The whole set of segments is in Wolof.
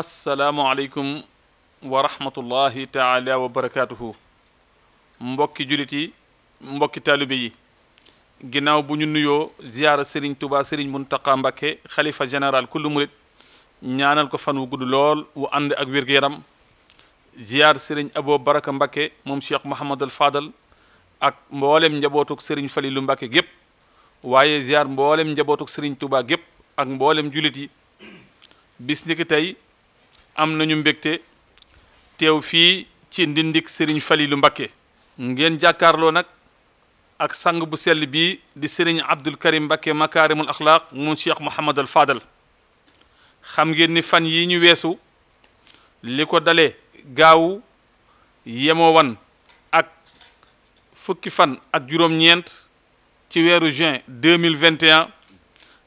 asalaamualeykum wa rahmatullahi taala wa barakaatuhu mbokki jullit yi mbokki taalibe yi ginnaaw bu ñu nuyoo ziyaara sëriñ tubaa sëriñ muntaqa mbakke xalifa général kullu murit ñaanal ko fan wu gudd lool wu ànd ak wér-gu-yaram ziyaar sëriñ abo baraka mbakke moom cheikh mohamadal fadal ak mboolem njabootuk sëriñ falilu mbakke gépp waaye ziyaar mboolem njabootuk sëriñ tubaa gépp ak mboolem jullit yi am nañu mbégte teew fii ci ndindik Serigne Falilu Mbakke ngeen jàkkaarloo nag ak sang bu sell bii di sëriñ Abdul Karim Mbakke makaarimul axlaaq mu Cheikh Mouhamad al Fadal xam ngeen ni fan yi ñu weesu li ko dale gaawu yemoo ak fukki fan ak juróom-ñeent ci weeru juin deux mille vingt et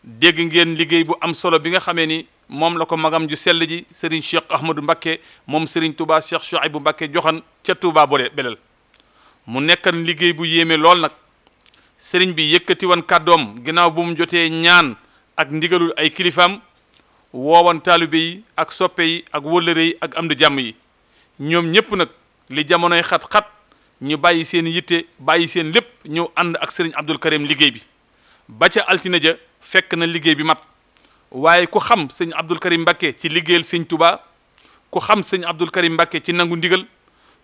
dégg ngeen liggéey bu am solo bi nga xamee ni. moom la ko magam ju sell ji Serigne Cheikh Ahmadou Mbakke moom Serigne Touba Cheikh bu Mbakke joxan ca Touba boole belel mu nekkan liggéey bu yéeme lool nag Serigne bi yëkkati woon kàddoom ginnaaw bu mu jotee ñaan ak ndigalul ay kilifaam woowan taalibe yi ak soppe yi ak wëllëre yi ak amdu di jàmm yi ñoom ñëpp nag li jamonoy xat-xat ñu bàyyi seen yitte bàyyi seen lépp ñëw ànd ak Serigne Abdou Karim liggéey bi ba ca altine ja fekk na liggéey bi mat. waaye ku xam sëñ Abdou Karim Mbacké ci liggéeyal sëñ Touba ku xam sëñ Abdou Karim Mbacké ci nangu ndigal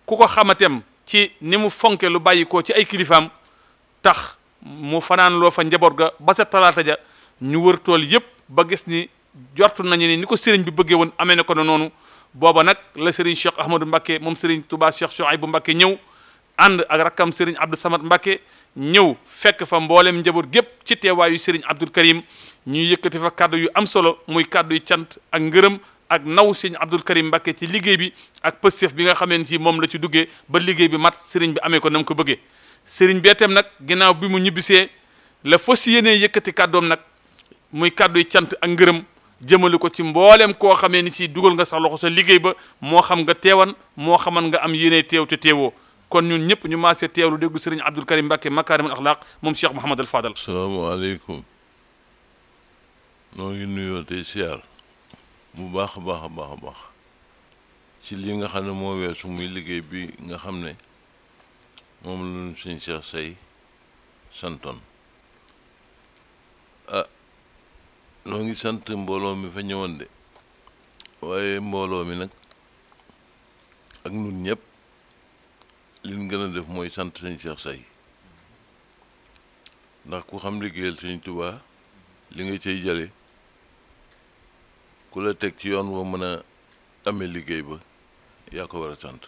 ku ko xamatem ci ni mu fonkee lu bàyyi ko ci ay kilifaam tax mu fanaan loo fa njaboot ga ba sa talaata ja ñu wër tool yëpp ba gis ni jortu nañu ni ni ko sëriñ bi bëggee woon amee na ko noonu booba nag la sëriñ Cheikh Ahmadou Mbacké moom sëriñ Touba Cheikh bu Mbacké ñëw ànd ak rakkam sëriñ Abdou Samad Mbacké ñëw fekk fa mboolem njaboot gépp ci teewaayu sëriñ Abdoul Karim ñuy yëkkati fa kàddu yu am solo muy kàddu yu cant ak ngërëm ak naw sëriñ Abdoul Karim Mbacké ci liggéey bi ak pëstef bi nga xamee ci moom la ci duggee ba liggéey bi mat sëriñ bi amee ko na ko bëggee sëriñ beeteem nag ginnaaw bi mu ñibbisee la fas yëkkati kàddoom nag muy kàddu yu cant ak ngërëm jëmale ko ci mbooleem koo xamee ni si dugal nga sax loxo sa liggéey ba moo xam nga teewan moo xaman nga am yéene teew te teewoo kon ñun ñëpp ñu maasee teewlu déglu sëriñ Abdou Karim Mbacké makaarimul axlaaq moom Cheikh Mouhamadul Fadal. asalaamaaleykum noo ngi nuyoo tey siyaar bu baax a baax baax a baax ci li nga xam ne moo weesu muy liggéey bi nga xam ne moom la ñu sëñ Cheikh Say santoon ah ngi sant mbooloo mi fa ñëwoon de waaye mbooloo mi nag ak ñun ñëpp. li ñu gën a def mooy sant sëñ Cheikh Say ndax ku xam liggéeyal sëñ Tuubaa li nga cay jële ku la teg ci yoon woo mën a amee liggéey ba yaa ko war a sant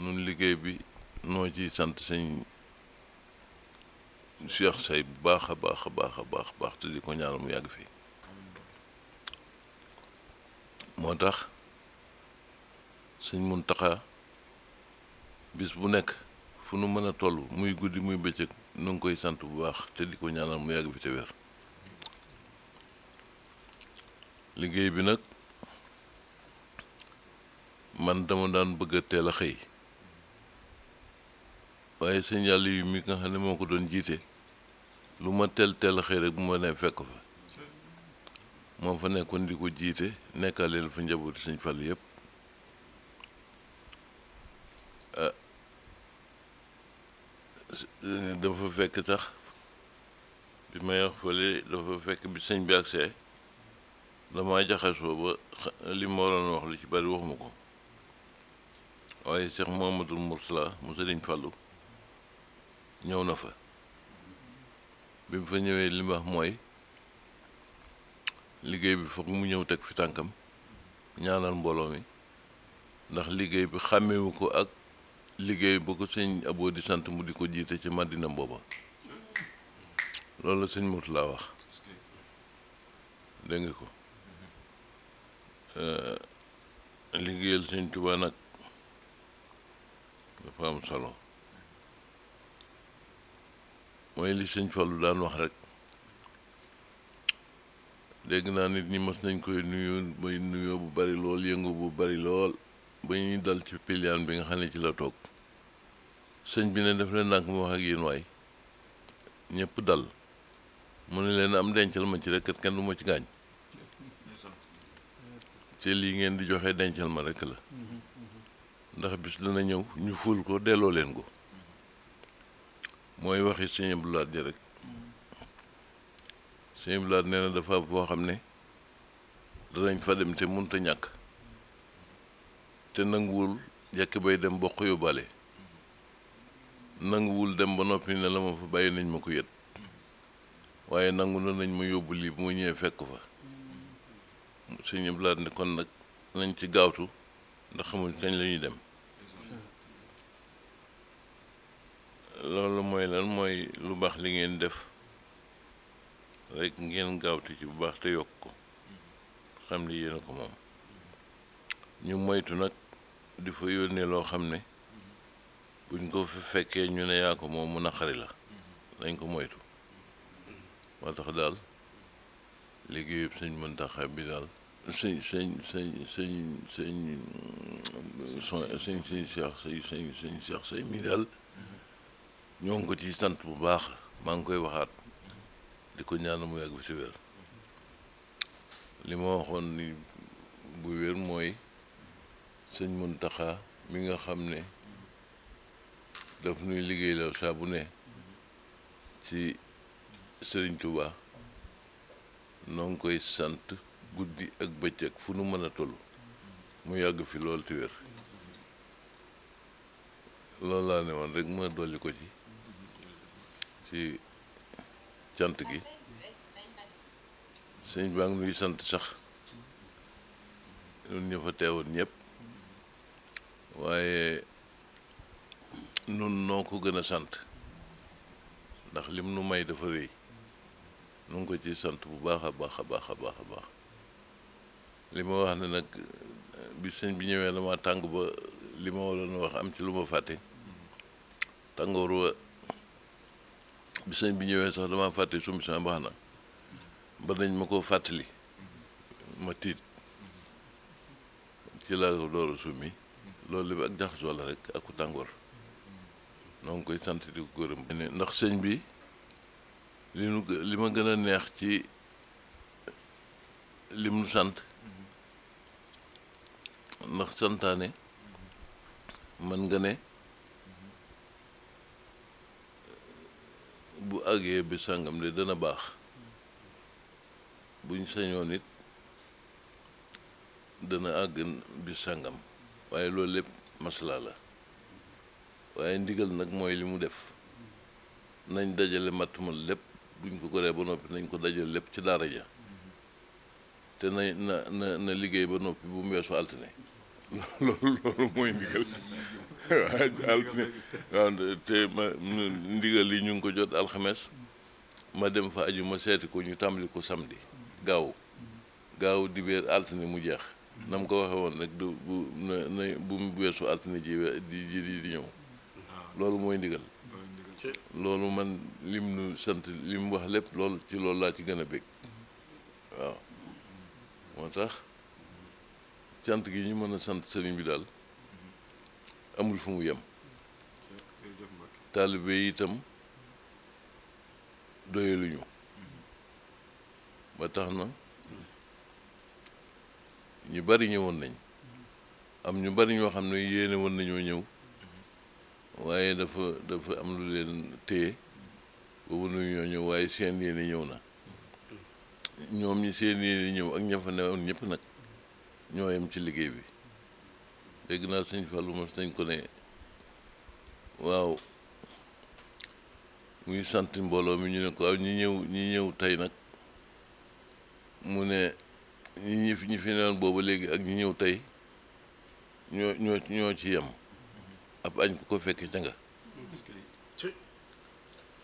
nun liggéey bi noo ci sant sëñ Cheikh Say bu baax a baax a baax a baax te di ko ñaanal mu yàgg fi moo tax sëñ Muntaxa bis bu nekk fu nu mën a toll muy guddi muy bëccëg nu ngi koy sant bu baax te di ko ñaanal mu yàgg fi te wér liggéey bi nag man dama daan bëgg a teel a xëy waaye sëñ yàlla yi mi nga xam ne moo ko doon jiite lu ma teel teel a xëy rek bu ma nee fekk fa moom fa nekkoon di ko jiite nekkaaleel fa njabooti sëñ Fall yëpp. fekk tax bi may wax fële dafa fekk bi sëñ bi agsee dama jaxasoo ba li ma waroon wax li ci bari waxuma ko waaye Seex Muhammadul Mursala mu Sëriñ Fàllu ñëw na fa bi mu fa ñëwee li mu mooy liggéey bi foog mu ñëw teg fi tànkam ñaanal mbooloo mi ndax liggéey bi xàmmewu ko ak liggéey ba ko sëñ Abo di sant mu di ko jiite ci màddina booba loolu la sëñ Mut laa wax dégg ko eh, liggéeyal sëñ Tuubaa nag dafa am solo mooy li sëñ Fallu daan wax rek dégg naa nit ñi mës nañ koy nuyu bay nuyoo bu bari lool yëngu bu bari lool ba ñuy dal ci piliyaan bi nga xam ne ci la toog sëñ bi ne daf leen ndànk mu wax ak yéen waay ñépp dal mu ne leen am dencal ma ci rekk kenn du ma ci gaañ ci lii ngeen di joxe dencal ma rek la ndax bis dana ñëw ñu ful ko delloo leen ko mooy waxi sëñ Abdou Lahad ji rek sëñ Abdou Lahad nee na dafa foo xam ne danañ fa dem te munta ñàkk te nanguwul yàkk bay dem bokk yóbbaale nanguwul dem ba noppi ne la ma fa bàyyi nañ ma ko yët waaye nangu na nañ ma yóbbu lii bu ma ñëwee fekk fa sëñ Abdoulaye ne kon nag nañ ci gaawtu ndax xamuñ kañ la dem loolu mooy lan mooy lu baax li ngeen def rekk ngeen gaawtu ci bu baax te yokk ko xam ni yéen ko moom ñu moytu nag di fa yónnee loo xam ne buñ ko fi fekkee ñu ne yaa ko moom mu naqari la dañ ko moytu moo tax daal liggéeyub sëñ Muntaxa bi daal sëñ sëñ sëñ sëñ sëñ sëñ sëñ Cheikh say sëñ sëñ Cheikh say mi daal ñoo ngi ko ci sant bu baax maa ngi koy waxaat di ko ñaan mu yàgg fi si wér li ma waxoon ni bu wér mooy sëñ Muntaxa mi nga xam ne daf nuy liggéey la saa bu ne ci sëriñ Touba noo ngi koy sant guddi ak bëccëg fu nu mën a toll mu yàgg fi lool te wér laa ne woon rek ma dolli ko ci ci cant gi sëñ baa ngi nuy sant sax ñun ñu fa teewoon ñëpp waaye nun noo ko gën a sant ndax lim nu may dafa rëy nu ngi ko ci sant bu baax a baax a baax a baax a baax li ma wax ne nag bi sëñ bi ñëwee dama tàngu ba li ma waroon wax am ci lu ma fàtte tàngoor wa bi bi ñëwee sax damaa fàtte sumbi sama baax na ba dañ ma ko fàttali ma tiit ci laa ko door summi loolu li ak jaxasoo la rek aku tàngoor noo ngi koy sant di ko gërëm ndax sëñ bi li ma gën a neex ci lim sant ndax santaane man nga ne bu àggee bi sàngam de dana baax buñ sañoon it dana àgg bi sàngam waaye loolu lépp maslaa la waaye ndigal nag mooy li mu def nañ dajale matt ma lépp buñ ko goree ba noppi nañ ko dajale lépp ci daara ja te na na liggéey ba noppi bu mu weesu altine loolu loolu ndigal waaw te ma ndigal yi ñu ngi ko jot alxames ma dem fa aju ma seeti ko ñu tàmbali ko samedi gaaw gaaw dibéer altine mu jeex na mu ko waxee woon rek du bu na na bu mu weesu altine ji di ñëw loolu mooy ndigal loolu man lim nu sant lim wax lépp lool ci loolu laa ci gën a bég waaw moo tax sant gi ñu mën a sant sëriñ bi daal amul fu mu yem taalibe yi itam doyaluñu ba tax na ñu bari ñëwoon nañ am ñu bari ñoo xam ne yéene woon nañoo ñëw waaye dafa dafa am lu leen téye boobu nu ñoo ñëw waaye seen yéene ñëw na ñoom ñi seen yéene ñëw ak ña fa newoon ñëpp nag ñoo yem ci liggéey bi dégg naa sëñ Fallou mos nañ ko ne waaw muy sant mbooloo mi ñu ne ko waaw ñi ñëw ñi ñëw tey nag mu ne ñi ñi fi ñu fi newoon booba léegi ak ñi ñëw tey ñoo ñoo ñoo ci yem ab añ bu ko fekkee ca nga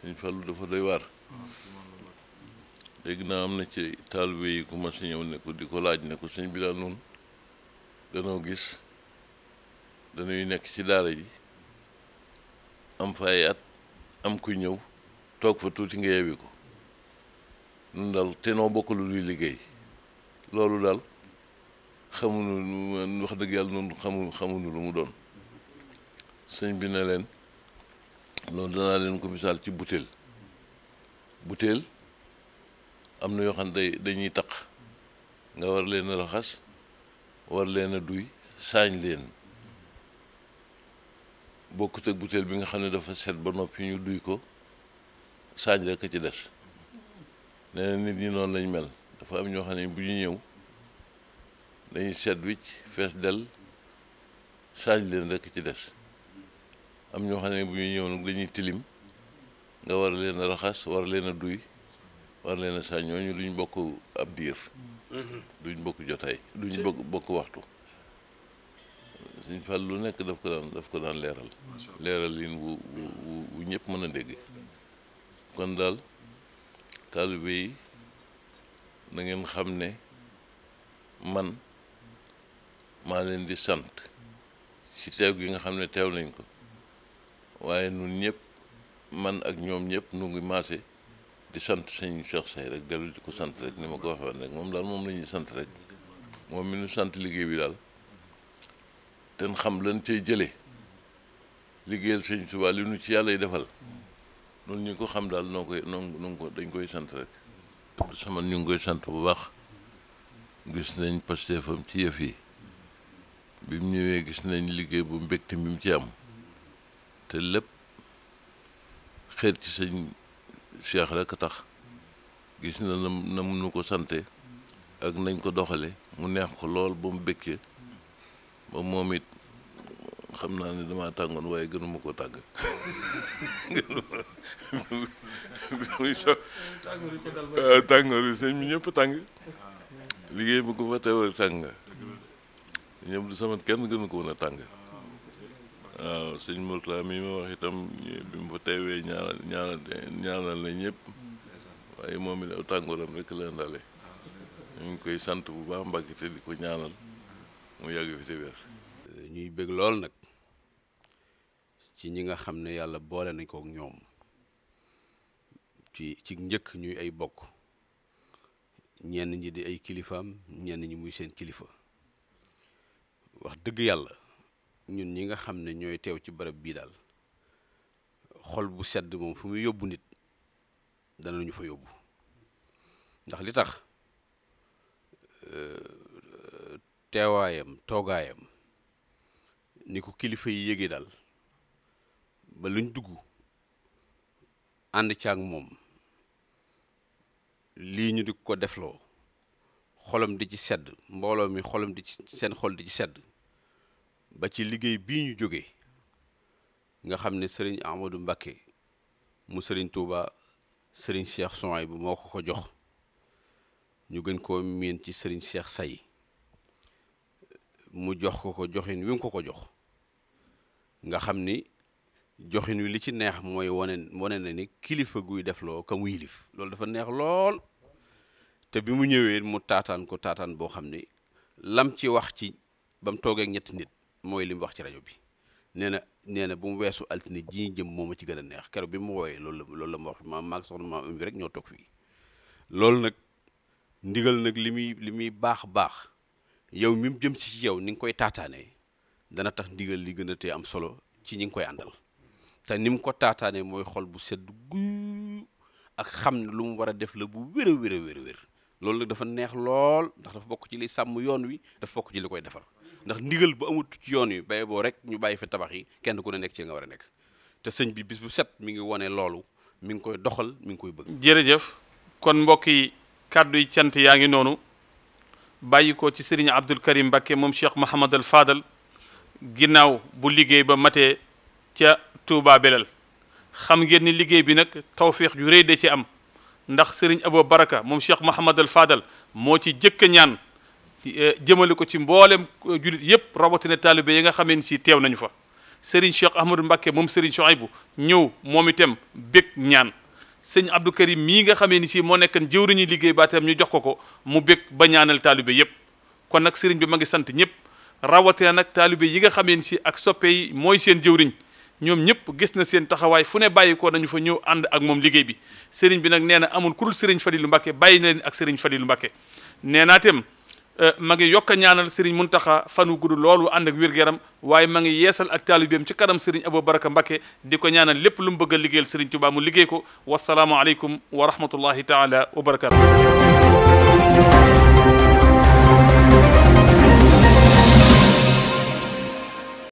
sëñ Fallou dafa doy waar léegi naa am na ci taalibe yi ku ma si ñëw ne ko di ko laaj ne ko sëñ bi daal noonu danoo gis dañuy nekk ci daara ji am fa ay at am ku ñëw toog fa tuuti nga yebbi ko nun daal te noo bokk lu luy liggéey loolu daal xamuñu wax dëgg yàlla noonu xamu xamuñu lu mu doon sëñ bi na leen loolu danaa leen ko misaal ci butéel butéel am na yoo xam ne day dañuy taq nga war leen raxas war leen duy saañ leen bokkut ak butéel bi nga xam ne dafa set ba noppi ñu duy ko saañ rek a ci des nee na nit ñi noonu lañ mel dafa am ñoo xam ne bu ñu ñëw dañuy set wicc fees del saañ leen rek ci des am ñoo xam ne bu ñuy ñëw nag dañuy tilim nga war leen raxas war leen a duy war leen a saa ñooñu duñ bokk ab diir mm-hmm. duñ bokk jotaay duñ bokk bokk waxtu suñ fàll lu nekk daf ko daan daf ko daan leeral leeral lin bu bu ñëpp mën a dégg kon daal taalibe yi na xam ne man maa leen di sant ci teew gi nga xam ne teew nañ ko waaye nun ñëpp man ak ñoom ñëpp nu ngi maase di sant sëñ Cheikh Say rek dellu di ko sant rek ni ma ko waxoon rek moom daal moom la ñuy sant rek moom mi nu sant liggéey bi daal ten xam lan cay jëlee liggéeyal sëñ Tuubaa li ci yàlla yi defal noonu ñu ko xam daal noo koy noo ko dañ koy sant rek sama ñu ngi koy sant bu baax gis nañ pasteefam ci yëf yi bi mu ñëwee gis nañ liggéey bu mbégte bi mu ci am te lépp xeet ci sëñ Cheikh rek a tax gis na na na ko sante ak nañ ko doxale mu neex ko lool ba mu békkee ba moom it xam naa ne dama tàngoon waaye gënuma ko tàgg tàngoor yi sëñ bi tàng liggéey bu ko fa teewal tàng ñoom du sama kenn gënu ko woon tàng waaw sëñ Mourtala mi ma wax itam bi fa teewee ñaanal ñaanal ñaanal la ñëpp waaye moom it tàngooram rek la ñu ngi koy sant bu baax Mbàkke te di ko ñaanal mu yàgg fi te wér ñuy bëgg lool nag ci ñi nga xam ne yàlla boole nañ ko ñoom ci ci njëkk ñuy ay bokk ñenn ñi di ay kilifaam ñenn ñi muy seen kilifa wax dëgg yàlla ñun ñi nga xam ne ñooy teew ci barab bii daal xol bu sedd moom fu muy yóbbu nit dana ñu fa yóbbu ndax li tax euh, teewaayam toogaayam ni ko kilifa yi yége daal ba luñ dugg ànd caag moom lii ñu di ko defloo xolam di ci sedd mbooloo mi xolam di ci seen xol di ci sedd ba ci liggéey bii ñu jóge nga xam ne sëriñ Amadou Mbakke mu sëriñ tuuba sëriñ Cheikh Souhaïbou bu moo ko ko jox ñu gën koo miin ci sëriñ Cheikh Say mu jox ko ko joxin wi mu ko ko jox nga xam ni joxin wi li ci neex mooy wane wane na ni kilifa guy def loo ka mu yilif loolu dafa neex lool te bi mu ñëwee mu taataan ko taataan boo xam ni lam ci wax ci ba mu toogee ñetti nit mooy li mu wax ci rajo bi nee na nee na bu mu weesu altine jii jëm moom ci gën a neex keroog bi mu wooyee loolu la loolu la ma wax ma maag soxna maam am bi rek ñoo toog fii loolu nag ndigal nag li muy li muy baax baax yow mi mu jëm si ci yow ni nga koy taataanee dana tax ndigal li gën a tee am solo ci ñu ngi koy àndal te ni mu ko taataanee mooy xol bu sedd gu ak xam ne lu mu war a def la bu wér a wér loolu nag dafa neex lool ndax dafa bokk ci li sàmm yoon wi dafa bokk ci koy defar ndax ndigal bu amut ci yoon yi bay boo rek ñu bàyyi fi tabax yi kenn ku ne nekk ci nga war a nekk te sëñ bi bis bu set mi ngi wone loolu mi ngi koy doxal mi ngi koy bëgg. jërëjëf kon mbokk yi kàddu yi cant yaa ngi noonu bàyyi ko ci sëriñ Abdul Karim Mbakke moom Cheikh Mouhamad al Fadal ginnaaw bu liggéey ba matee ca Touba xam ngeen ni liggéey bi nag tawféex ju rëy da ci am ndax sëriñ Abo Baraka moom Cheikh Mouhamad al Fadal moo ci jëkk ñaan. Eh, jëmale ko ci mboolem eh, julit yëpp rawatina taalibe yi nga xamee ni si teew nañu fa Serigne sox Ahmadou Mbacké moom Serigne bu ñëw moom itam bég ñaan sëñ Abdou Karim mii nga xamee ni si moo nekkan jëwriñu liggéey ba itam ñu jox ko ko mu bég ba ñaanal taalibe yëpp kon nag Serigne bi ma sant ñëpp rawatina nag taalibe yi nga xamee ni si ak soppe yi mooy seen jëwriñ ñoom ñëpp gis na seen taxawaay fu ne bàyyi ko nañu fa ñëw ànd ak moom liggéey bi Serigne bi nag nee na amul ku dul Serigne Fadilou Mbacké bàyyi na leen ak Serigne Fadilou Mbacké nee naa Euh, ma ngi yokk a ñaanal sëriñ Muntaxa fanu gudd loolu ànd ak wér gu waaye ma ngi yeesal ak taalibeem ci kanam sëriñ Abou Baraka Mbacké di ko ñaanal lépp lu mu bëgg a liggéeyal sëriñ Tuubaa mu liggéey ko wasalaamu aleykum wa rahmatullahi taala wa barakatu